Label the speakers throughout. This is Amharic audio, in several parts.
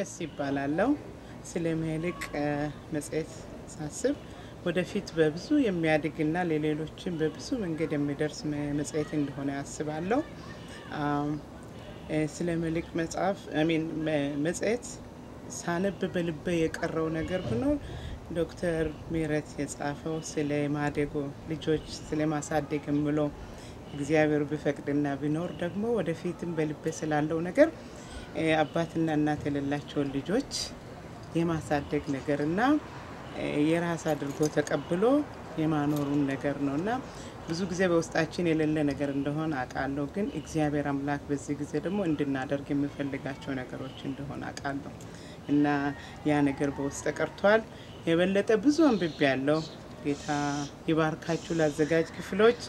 Speaker 1: መሲ ይባላለው። ስለ ምሄልቅ መጽሔት ሳስብ ወደፊት በብዙ የሚያድግና ለሌሎችን በብዙ መንገድ የሚደርስ መጽሔት እንደሆነ ያስባለው። ስለ ምሄልቅ መጽሐፍ ሚን መጽሔት ሳነብ በልቤ የቀረው ነገር ብኖር ዶክተር ምህረት የጻፈው ስለ ማደጎ ልጆች ስለ ማሳደግ የምለው እግዚአብሔር ቢፈቅድና ቢኖር ደግሞ ወደፊትም በልቤ ስላለው ነገር አባትና እናት የሌላቸውን ልጆች የማሳደግ ነገርና የራስ አድርጎ ተቀብሎ የማኖሩን ነገር ነው እና ብዙ ጊዜ በውስጣችን የሌለ ነገር እንደሆነ አውቃለሁ። ግን እግዚአብሔር አምላክ በዚህ ጊዜ ደግሞ እንድናደርግ የምፈልጋቸው ነገሮች እንደሆነ አውቃለሁ እና ያ ነገር በውስጥ ቀርቷል። የበለጠ ብዙ አንብቤ ያለው ጌታ ይባርካችሁ። ላዘጋጅ ክፍሎች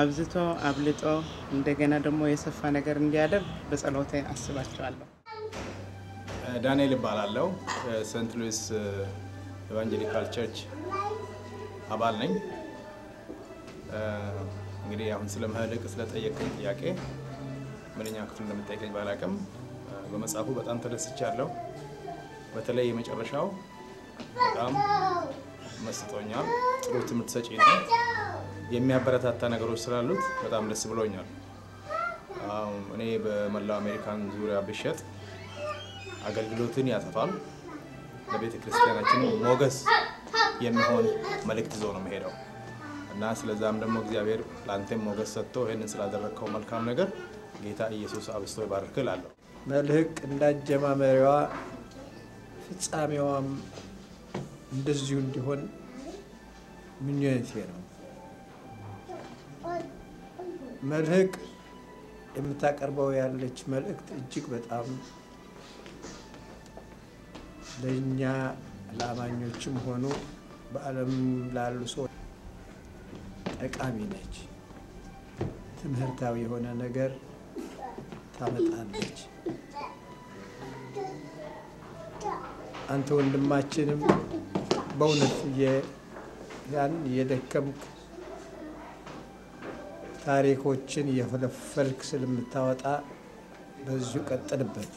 Speaker 1: አብዝቶ አብልጦ እንደገና ደግሞ የሰፋ ነገር እንዲያደርግ በጸሎቴ አስባቸዋለሁ።
Speaker 2: ዳንኤል ይባላለሁ። ሴንት ሉዊስ ኤቫንጀሊካል ቸርች አባል ነኝ። እንግዲህ አሁን ስለ መህልቅ ስለጠየቀኝ ጥያቄ ምንኛ ክፍል እንደምጠይቀኝ ባላቅም በመጽሐፉ በጣም ተደስቻለሁ። በተለይ የመጨረሻው በጣም መስጦኛል ጥሩ ትምህርት ሰጪ ነው። የሚያበረታታ ነገሮች ስላሉት በጣም ደስ ብሎኛል። እኔ በመላው አሜሪካን ዙሪያ ብሸጥ አገልግሎትን ያሰፋል፣ ለቤተ ክርስቲያናችን ሞገስ የሚሆን መልእክት ይዞ ነው መሄደው እና ስለዛም ደግሞ እግዚአብሔር ለአንተም ሞገስ ሰጥቶ ይህንን ስላደረግከው መልካም ነገር ጌታ ኢየሱስ አብስቶ ይባርክ እላለሁ።
Speaker 3: መልህቅ እንዳጀማመሪዋ ፍጻሜዋም እንደዚሁ እንዲሆን ምኞቴ ነው። መልህቅ የምታቀርበው ያለች መልእክት እጅግ በጣም ለእኛ ለአማኞችም ሆኑ በዓለም ላሉ ሰው ጠቃሚ ነች። ትምህርታዊ የሆነ ነገር ታመጣለች። አንተ ወንድማችንም በእውነት ያን የደከምክ ታሪኮችን የፈለፈልክ ስለምታወጣ በዚሁ ቀጥልበት።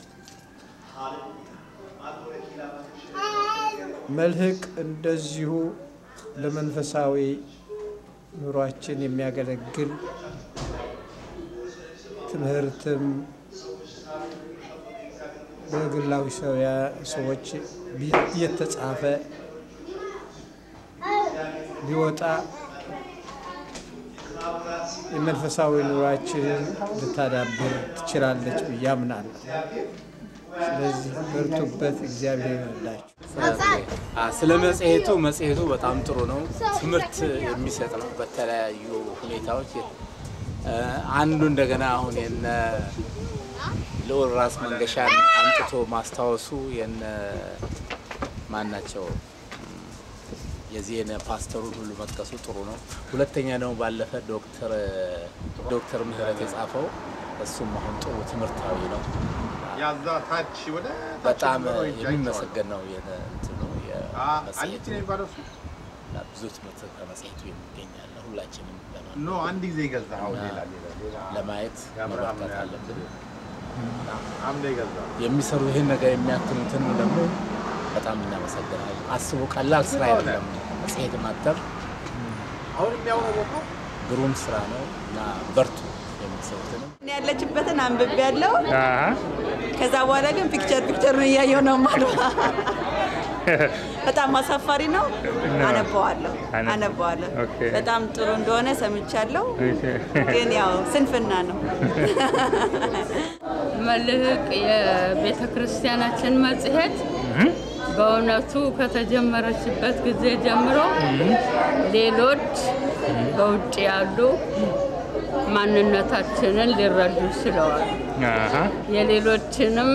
Speaker 3: መልህቅ እንደዚሁ ለመንፈሳዊ ኑሯችን የሚያገለግል ትምህርትም በግላዊ ሰዎች እየተጻፈ ሊወጣ የመንፈሳዊ ኑሯችንን ልታዳብር ትችላለች ብዬ አምናለሁ። ስለዚህ በርቱበት፣ እግዚአብሔር ይርዳችሁ።
Speaker 4: ስለ መጽሔቱ መጽሔቱ በጣም ጥሩ ነው፣ ትምህርት የሚሰጥ ነው በተለያዩ ሁኔታዎች። አንዱ እንደገና አሁን የነ ልዑል ራስ መንገሻን አምጥቶ ማስታወሱ የነ ማን ናቸው የዚህን ፓስተሩን ሁሉ መጥቀሱ ጥሩ ነው። ሁለተኛ ደግሞ ባለፈ ዶክተር ምህረት የጻፈው እሱም አሁን ጥሩ ትምህርታዊ ነው። በጣም የሚመሰገን ነው። ብዙ ትምህርት ከመጽሔቱ የሚገኛለ
Speaker 5: ሁላችንም አንድ ጊዜ
Speaker 4: ለማየት መበርከት አለብን። የሚሰሩ ይህን ነገር የሚያትኑትን ደግሞ በጣም እናመሰግናለን። አስቡ፣ ቀላል ስራ አይደለም መጽሔት ማተም። አሁን የሚያውረው ግሩም ስራ ነው እና በርቱ። የምትሰሩትንም
Speaker 6: ያለችበትን አንብቤ ያለው ከዛ በኋላ ግን ፒክቸር ፒክቸሩን እያየው ነው ማለ በጣም አሳፋሪ ነው። አነበዋለሁ አነበዋለሁ። በጣም ጥሩ እንደሆነ ሰምቻለሁ፣ ግን ያው ስንፍና ነው።
Speaker 7: መልህቅ የቤተ ክርስቲያናችን መጽሔት በእውነቱ ከተጀመረችበት ጊዜ ጀምሮ ሌሎች በውጭ ያሉ ማንነታችንን ሊረዱ ችለዋል። የሌሎችንም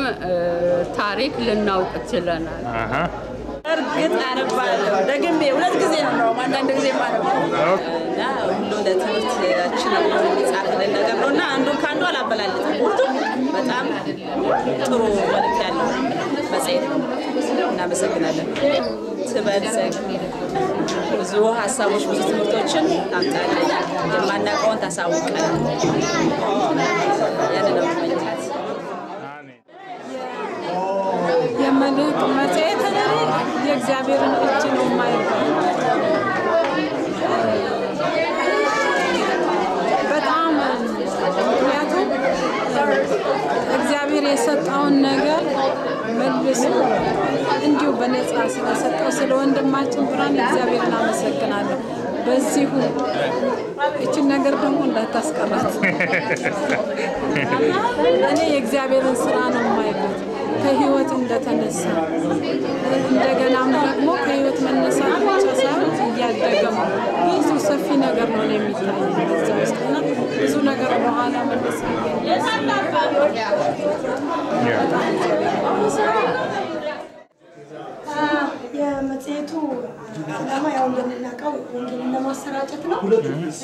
Speaker 7: ታሪክ ልናውቅ ችለናል።
Speaker 6: እርግጥ አነባለሁ ደግሜ ሁለት ጊዜ ነው አንዳንድ ጊዜ ሁሉ ለትምህርታችን የሚጻፍልን ነገር ነው እና አንዱን ከአንዱ በጣም ጥሩ መልክ ያለው ነው። እናመሰግናለን። ትበልጽግ ብዙ ሀሳቦች፣ ብዙ ትምህርቶችን ታምጣለን፣ የማናውቀውን ታሳውቀን። ያን ነው መኝታት
Speaker 8: የመልሕቅ የእግዚአብሔርን እጅ ነው የማይባል በጣም ምክንያቱም እግዚአብሔር የሰጠውን ነገር መልስ እንዲሁ በነጻ ስለሰጠው ስለ ወንድማችን ብርሃን እግዚአብሔር እናመሰግናለሁ። በዚሁ እችን ነገር ደግሞ እንዳታስቀራት። እኔ የእግዚአብሔርን ስራ ነው የማይበት ከህይወት እንደተነሳ እንደገናም ደግሞ ከህይወት መነሳት ብቻ ሳይሆን እያደገ ብዙ ሰፊ ነገር ነው የሚታይ እዛ ውስጥ ብዙ ነገር በኋላ መለስ
Speaker 9: የመጽሔቱ ዓላማ ያው እንደምናውቀው ወንጌልን ለማሰራጨት ነው።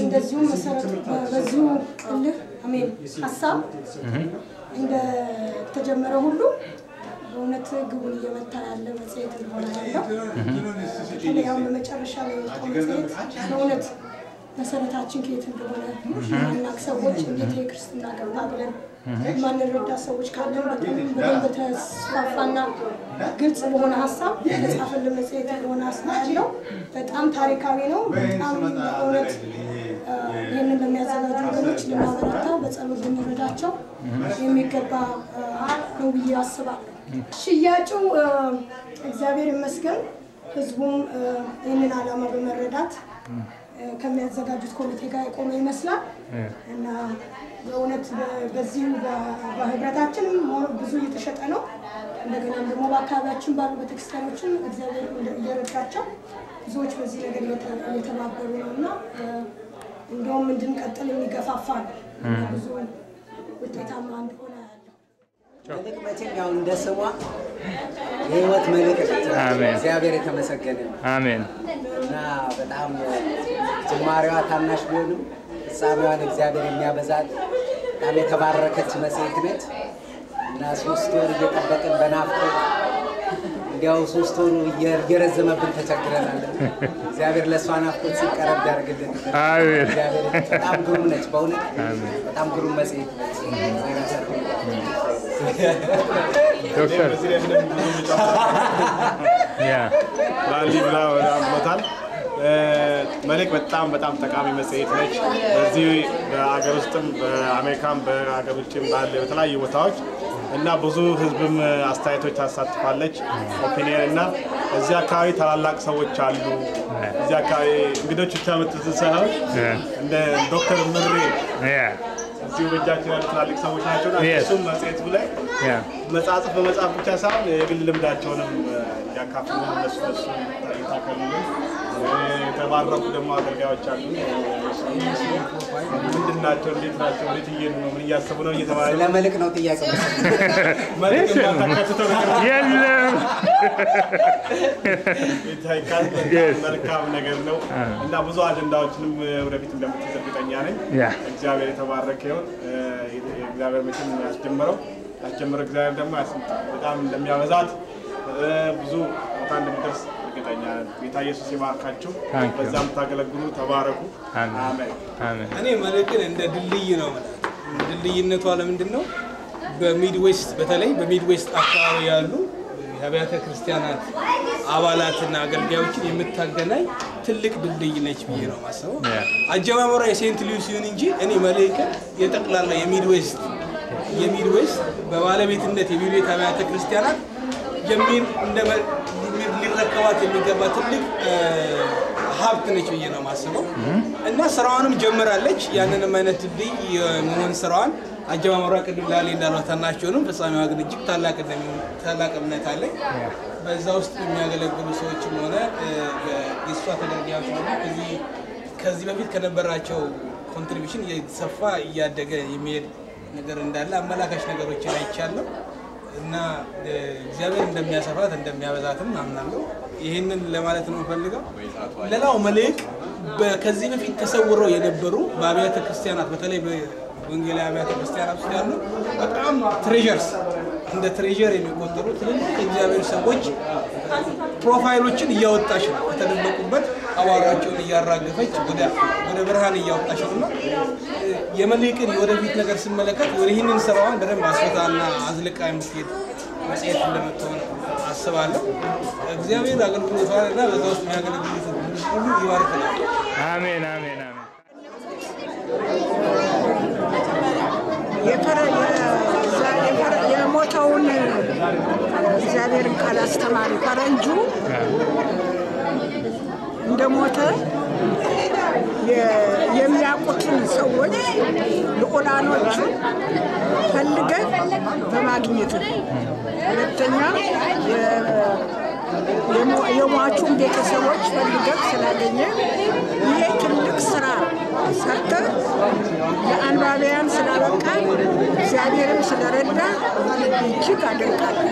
Speaker 9: እንደዚሁም መሰረቱ በዚሁ ቅልህ አሜን ሀሳብ እንደተጀመረ ሁሉ በእውነት ግቡን እየመታ ያለ መጽሔት እንደሆነ ያለው በተለይ በመጨረሻ ላይ የወጣው መጽሔት በእውነት መሰረታችን ከየት እንደሆነ ማናቅ ሰዎች እንዴት የክርስትና ገባ ብለን ማንረዳ ሰዎች ካለን በጣም በተስፋፋና ግልጽ በሆነ ሀሳብ የተጻፈልን መጽሔት የሆነ ሀሳብ ያለው በጣም ታሪካዊ ነው። በጣም በእውነት ይህንን በሚያዘጋጁ ወገኖች ልናበረታው፣ በጸሎት ልንረዳቸው የሚገባ ነው ብዬ አስባለሁ። ሽያጩ እግዚአብሔር ይመስገን ህዝቡም ይህንን ዓላማ በመረዳት ከሚያዘጋጁት ኮሚቴ ጋር የቆመ ይመስላል እና በእውነት በዚህ በህብረታችን ብዙ እየተሸጠ ነው። እንደገናም ደግሞ በአካባቢያችን ባሉ ቤተክርስቲያኖችን እግዚአብሔር እየረዳቸው ብዙዎች በዚህ ነገር እየተባበሩ ነው እና እንደውም እንድንቀጥል የሚገፋፋ ነው ብዙ ውጤታማ እንድሆን
Speaker 10: መልሕቅ እንደ ስሟ የህይወት መልሕቅ እግዚአብሔር የተመሰገነ አሜን እና በጣም ጅማሬዋ ታናሽ ቢሆንም ፍጻሜዋን እግዚአብሔር የሚያበዛት በጣም የተባረከች መጽሔት ነች እና ሶስት ወር እየጠበቅን በናፍቆት እንዲያው ሶስት ወሩ እየረዘመብን ተቸግረናል። እግዚአብሔር ለእሷ ናፍቆት ሲቀረብ ያደርግልን። በጣም ግሩም ነች፣ በእውነት በጣም ግሩም መጽሔት ነች። ዶክተር
Speaker 11: ላሊብላ ወደ አምሮታል። መልሕቅ በጣም በጣም ጠቃሚ መጽሔት ነች። በዚህ በሀገር ውስጥም በአሜሪካም በሀገር ውጭም ባለ በተለያዩ ቦታዎች እና ብዙ ህዝብም አስተያየቶች ታሳትፋለች ኦፒኒየን እና እዚህ አካባቢ ታላላቅ ሰዎች አሉ። እዚህ አካባቢ እንግዶች ብቻ የምትስሰ እንደ ዶክተር ምሬ እዚሁ በእጃችን ያሉ ትላልቅ ሰዎች ናቸው እና እሱም መጽሔቱ ላይ መጻጽፍ በመጽሐፍ ብቻ ሳይሆን የግል ልምዳቸውንም uh, እያካፍሉ እነሱ እሱ ታካሉ የተባረኩ ደግሞ አገልጋዮች አሉ። ምንድን ናቸው? እንዴት ናቸው? እንዴት እየሄዱ ነው? ምን እያሰቡ ነው? እየተባለ
Speaker 10: ለመልክ ነው ጥያቄ
Speaker 11: የለም መልካም ነገር ነው እና ብዙ አጀንዳዎችንም ወደፊት እንደምትይዝ እርግጠኛ ነኝ። እግዚአብሔር የተባረከ ይሁን። እግዚአብሔር መቼም ያስጀምረው ያስጀምረው እግዚአብሔር ደግሞ በጣም እንደሚያበዛት ብዙ ቦታ እንደሚደርስ እርግጠኛ ነን። ጌታ ኢየሱስ ይባርካችሁ፣ በዛም ታገለግሉ፣ ተባረኩ።
Speaker 5: እኔ መልሕቅን እንደ ድልድይ ነው ድልድይነቷ ለምንድን ነው? በሚድዌስት በተለይ በሚድዌስት አካባቢ ያሉ የአብያተ ክርስቲያናት አባላትና አገልጋዮችን የምታገናኝ ትልቅ ድልድይ ነች ብዬ ነው ማስበው። አጀማመሯ የሴንት ሉዊስ ይሁን እንጂ እኔ መልሕቅን የጠቅላላ የሚድዌስት የሚድዌስት በባለቤትነት የሚድዌት አብያተ ክርስቲያናት የሚል ልንረከባት የሚገባ ትልቅ ሀብት ነች ብዬ ነው የማስበው እና ስራዋንም ጀምራለች። ያንንም አይነት ድልድይ የመሆን ስራዋን አጀማመሯ ቅድም ላሌ እንዳለው ታናቸውንም ፍጻሜዋ ግን እጅግ ታላቅ ታላቅ እምነት አለኝ። በዛ ውስጥ የሚያገለግሉ ሰዎችም ሆነ የእሷ ተደርጊያዎች ሆነ ከዚህ በፊት ከነበራቸው ኮንትሪቢሽን የሰፋ እያደገ የሚሄድ ነገር እንዳለ አመላካች ነገሮችን አይቻለሁ። እና እግዚአብሔር እንደሚያሰፋት እንደሚያበዛትም አምናለሁ። ይህንን ለማለት ነው ፈልገው። ሌላው መልሕቅ ከዚህ በፊት ተሰውረው የነበሩ በአብያተ ክርስቲያናት በተለይ በወንጌላ አብያተ ክርስቲያናት ውስጥ ያሉ በጣም ትሬዠርስ እንደ ትሬዠር የሚቆጠሩ ትልልቅ እግዚአብሔር ሰዎች ፕሮፋይሎችን እያወጣች ነው። ከተደበቁበት አዋራቸውን እያራገፈች ወደ ብርሃን እያወጣች ነው። የመልህቅን የወደፊት ነገር ስመለከት ወደ ይህንን ስራዋን በደንብ አስፈታና አዝልቃ የምትሄድ መጽሔት እንደምትሆን አስባለሁ። እግዚአብሔር አገልግሎቷን አገልግሎቷንና በዛ ውስጥ የሚያገለግሉት ሁሉ ይባርክላል። አሜን አሜን አሜን።
Speaker 8: የሞተውን እግዚአብሔርን ቃል አስተማሪ ፈረንጁ እንደሞተ የሚያውቁትን ሰዎች ልዑላኖችን ፈልገን በማግኘት ነው። ሁለተኛ የሟቹን ቤተሰቦች ፈልገን ስላገኘ ይሄ ትልቅ ስራ ሰርተን ለአንባቢያን ስላበቃ እግዚአብሔርም ስለረዳ እጅግ አደንቃለሁ።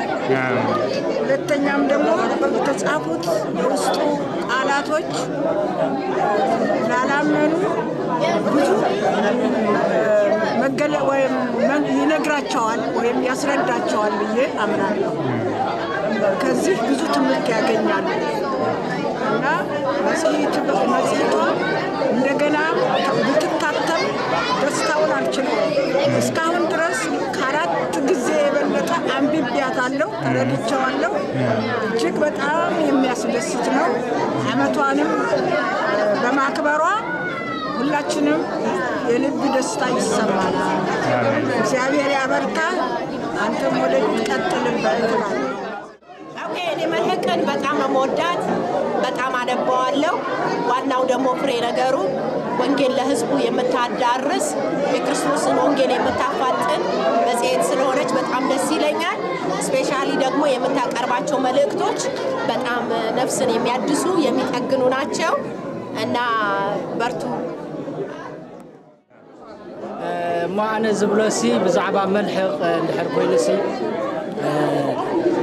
Speaker 8: ሁለተኛም ደግሞ በተጻፉት የውስጡ ቃላቶች ላላመኑ ብዙ ይነግራቸዋል ወይም ያስረዳቸዋል ብዬ አምናለሁ። ከዚህ ብዙ ትምህርት ያገኛሉ እና መጽሔቷ እንደገና ብትታ ደስታውን አልችለውም። እስካሁን ድረስ ከአራት ጊዜ የበለጠ አንብቤያታለሁ፣ ተረድቼዋለሁ። እጅግ በጣም የሚያስደስት ነው። አመቷንም በማክበሯ ሁላችንም የልብ ደስታ ይሰማል። እግዚአብሔር ያበርታ። አንተም ወደ ቀጥልበት ባለ
Speaker 6: መለቀን በጣም መወዳት በጣም አነባዋለሁ። ዋናው ደግሞ ፍሬ ነገሩ ወንጌል ለህዝቡ የምታዳርስ የክርስቶስን ወንጌል የምታፋጥን መጽሔት ስለሆነች በጣም ደስ ይለኛል። ስፔሻሊ ደግሞ የምታቀርባቸው መልእክቶች በጣም ነፍስን የሚያድሱ የሚጠግኑ ናቸው እና በርቱ።
Speaker 1: እሞ ኣነ ዝብሎ ብዛዕባ መልሕቕ እንድሕር ኮይኑ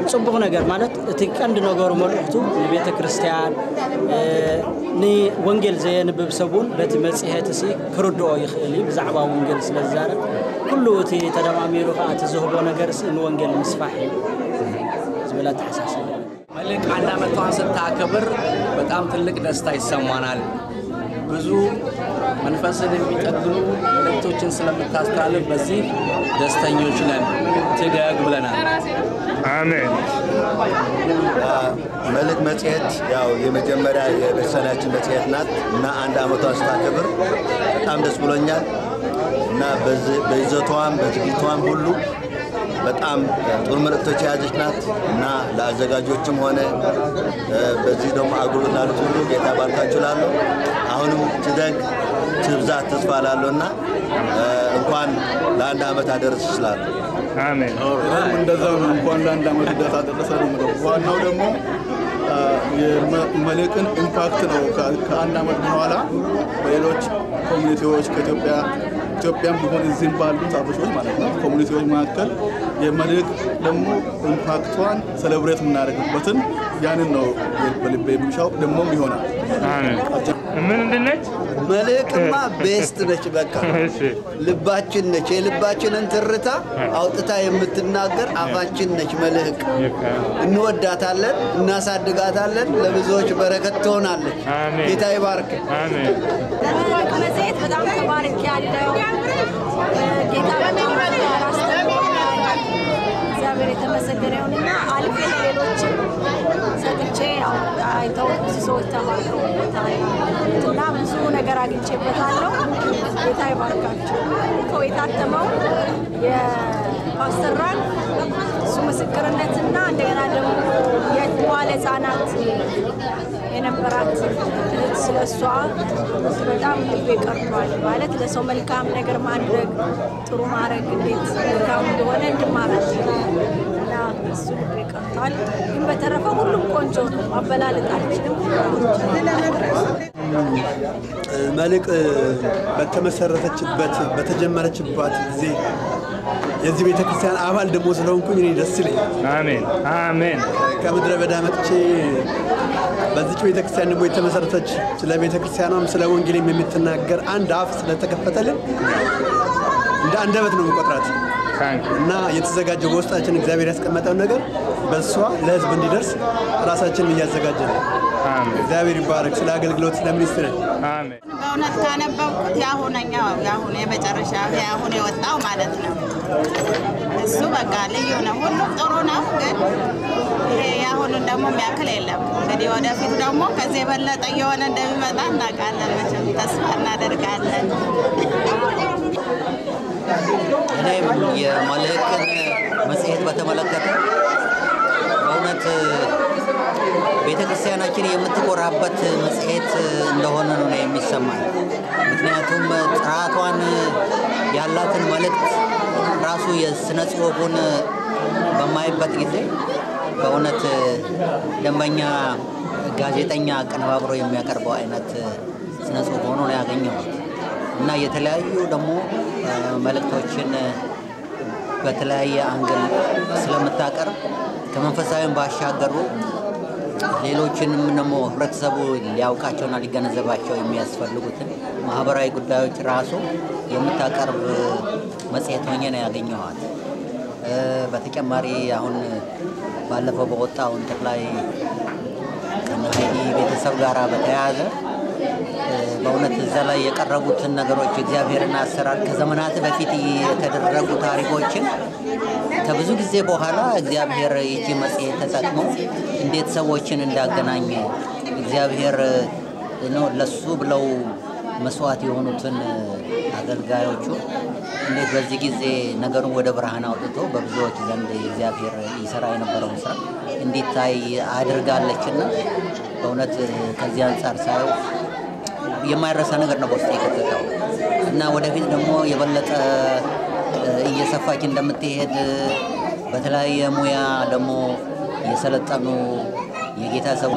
Speaker 1: صبغ نجار مالت تكند نجار مرحتو لبيت كريستيان ني وانجل زين ببسبون بيت مسيح تسي كردو يخلي بزعبا وانجل سلزار كله تي تدام أميره فات زهبو نجار سن وانجل مسفاح زملاء تحساس
Speaker 4: ملك عندما توانس تعكبر بتعمل لك دستاي سمانال بزو መንፈስን የሚጠግኑ መልእክቶችን ስለምታስተላልፍ በዚህ ደስተኞች ነን። ትደግ ብለናል። አሜን።
Speaker 10: መልሕቅ መጽሔት ያው የመጀመሪያ የቤተሰናችን መጽሔት ናት እና አንድ ዓመቷን ስታከብር በጣም ደስ ብሎኛል እና በይዘቷም በዝግጅቷም ሁሉ በጣም ጥሩ መልእክቶች የያዘች ናት እና ለአዘጋጆችም ሆነ በዚህ ደግሞ አገልግሎት ላሉት ሁሉ ጌታ ባርካችሁ ላሉ አሁንም ትደግ የልጆችህ ብዛት ተስፋ ላለሁ እና እንኳን ለአንድ ዓመት አደረስ ይችላል። አሜን።
Speaker 11: እንደዛ ነው። እንኳን ለአንድ ዓመት ልደት አደረሰ ነው የምለው። ዋናው ደግሞ የመልሕቅን ኢምፓክት ነው። ከአንድ ዓመት በኋላ በሌሎች ኮሚኒቲዎች ከኢትዮጵያ ኢትዮጵያም ቢሆን እዚህም ባሉት አበሾች ማለት ነው ኮሚኒቲዎች መካከል የመልሕቅ ደግሞ ኢምፓክቷን ሴሌብሬት የምናደርግበትን ያንን ነው በልቤ የሚሻው ደግሞም ይሆናል።
Speaker 5: ምንድን ነች?
Speaker 10: ቤስት ነች። በቃ ልባችን ነች። የልባችንን ትርታ አውጥታ የምትናገር አፋችን ነች መልህቅ እንወዳታለን፣ እናሳድጋታለን። ለብዙዎች በረከት ትሆናለች። ጌታ ይባርክ።
Speaker 6: በጣም ተባርክ ያለው ጌታ በጣም የነበረውንና አልፌ ለሌሎችም ሰጥቼ ያው አይተው ብዙ ሰዎች ተባረው እና ብዙ ነገር አግኝቼበታለሁ። ጌታ ይባርካቸው። የታተመው የፓስተር ራን እሱ ምስክርነትና እንደገና ደግሞ የተዋለ ህጻናት የነበራት እህት ስለ እሷ በጣም ልቤ ቀርቷል። ማለት ለሰው መልካም ነገር ማድረግ ጥሩ ማድረግ እንዴት መልካም እንደሆነ እንድማረት እሱ ይቀርታል። ግን በተረፈ ሁሉም ቆንጆ ነው። አበላለጥ አልችልም።
Speaker 5: በተመሰረተችበት በተጀመረችባት ጊዜ የዚህ ቤተክርስቲያን አባል ደግሞ ስለሆንኩኝ እኔ ደስ ይለኛል። አሜን አሜን። ከምድረ በዳ መጥቼ በዚች ቤተክርስቲያን ደግሞ የተመሰረተች ስለ ቤተክርስቲያኗም ስለ ወንጌልም የምትናገር አንድ አፍ ስለተከፈተልን እንደ አንደበት ነው የምቆጥራት። እና የተዘጋጀው በውስጣችን እግዚአብሔር ያስቀመጠው ነገር በእሷ ለህዝብ እንዲደርስ ራሳችን እያዘጋጀ ነው። እግዚአብሔር ይባረክ። ስለ አገልግሎት ስለ ሚኒስትር
Speaker 6: በእውነት ካነበብኩት የአሁነኛው የአሁኑ የመጨረሻ የአሁኑ የወጣው ማለት ነው። እሱ በቃ ልዩ ነው። ሁሉም ጥሩ ነው፣ ግን ይሄ የአሁኑን ደግሞ የሚያክል የለም። እንግዲህ ወደፊት ደግሞ ከዚህ የበለጠ እየሆነ እንደሚመጣ እናውቃለን። መቼም ተስፋ እናደርጋለን።
Speaker 10: እኔም የመልሕቅን መጽሔት በተመለከተ በእውነት ቤተ ክርስቲያናችን የምትኮራበት መጽሔት እንደሆነ ነው የሚሰማኝ። ምክንያቱም ጥራቷን ያላትን መልእክት ራሱ የሥነ ጽሁፉን በማይበት ጊዜ በእውነት ደንበኛ ጋዜጠኛ አቀነባብሮ የሚያቀርበው አይነት ስነ ጽሑፍ ሆኖ ነው ያገኘሁት። እና የተለያዩ ደግሞ መልእክቶችን በተለያየ አንግል ስለምታቀርብ ከመንፈሳዊም ባሻገሩ ሌሎችንም ደግሞ ህብረተሰቡ ሊያውቃቸውና ሊገነዘባቸው የሚያስፈልጉትን ማህበራዊ ጉዳዮች ራሱ የምታቀርብ መጽሔት ሆኜ ነው ያገኘኋት። በተጨማሪ አሁን ባለፈው በወጣው እንትን ላይ ቤተሰብ ጋር በተያያዘ በእውነት እዛ ላይ የቀረቡትን ነገሮች እግዚአብሔርን አሰራር ከዘመናት በፊት የተደረጉ ታሪኮችን ከብዙ ጊዜ በኋላ እግዚአብሔር ይቺ መጽሔት ተጠቅሞ እንዴት ሰዎችን እንዳገናኘ እግዚአብሔር ለሱ ብለው መስዋዕት የሆኑትን አገልጋዮቹ እንዴት በዚህ ጊዜ ነገሩን ወደ ብርሃን አውጥቶ በብዙዎች ዘንድ እግዚአብሔር ይሰራ የነበረውን ስራ እንዲታይ አድርጋለችና በእውነት ከዚህ አንጻር ሳየው የማይረሳ ነገር ነው በውስጥ የከተተው እና ወደፊት ደግሞ የበለጠ እየሰፋች እንደምትሄድ በተለያየ ሙያ ደግሞ የሰለጠኑ የጌታ ሰው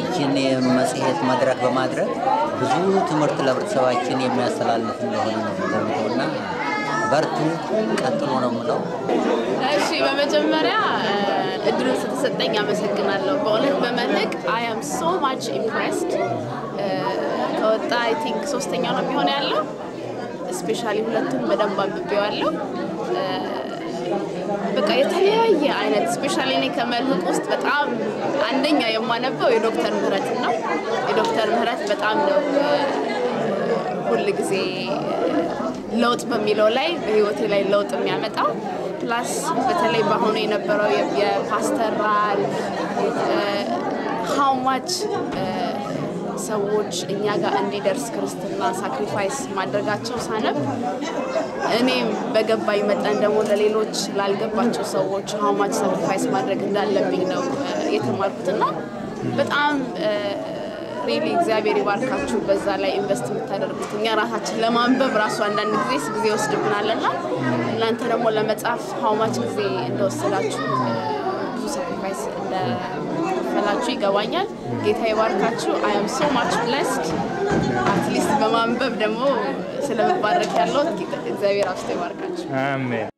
Speaker 10: ይችን የመጽሔት መድረክ በማድረግ ብዙ ትምህርት ለህብረተሰባችን የሚያስተላልፍ እንደሆነ ነው ገምተው እና በርቱ፣ ቀጥሎ ነው የምለው።
Speaker 12: እሺ፣ በመጀመሪያ እድሉን ስትሰጠኝ አመሰግናለሁ። በእውነት በመልክ አይ አም ሶ ማች ኢምፕሬስድ ሲወጣ አይ ቲንክ ሶስተኛ ነው የሚሆን ያለው። ስፔሻሊ ሁለቱን በደንብ አንብቤዋለሁ። በቃ የተለያየ አይነት ስፔሻሊ እኔ ከመልህቅ ውስጥ በጣም አንደኛ የማነበው የዶክተር ምህረት ነው። የዶክተር ምህረት በጣም ነው ሁል ጊዜ ለውጥ በሚለው ላይ በህይወቴ ላይ ለውጥ የሚያመጣው ፕላስ በተለይ በአሁኑ የነበረው የፓስተራል ራል ሀው ማች ሰዎች እኛ ጋር እንዲደርስ ክርስትና ሳክሪፋይስ ማድረጋቸው ሳነብ እኔም በገባኝ መጠን ደግሞ ለሌሎች ላልገባቸው ሰዎች ሀውማች ሳክሪፋይስ ማድረግ እንዳለብኝ ነው የተማርኩትና በጣም ሪሊ እግዚአብሔር ይባርካችሁ። በዛ ላይ ኢንቨስት የምታደርጉት እኛ ራሳችን ለማንበብ ራሱ አንዳንድ ጊዜ ስ ጊዜ ወስድብናለና እናንተ ደግሞ ለመጻፍ ሀውማች ጊዜ እንደወሰዳችሁ ብዙ ሳክሪፋይስ እንደ ይገባኛል። ጌታ ይባርካችሁ። አይ አም ሶ ማች ብለስድ አትሊስት በማንበብ ደግሞ ስለመባረክ ያለው እግዚአብሔር አብስቶ ይባርካችሁ። አሜን።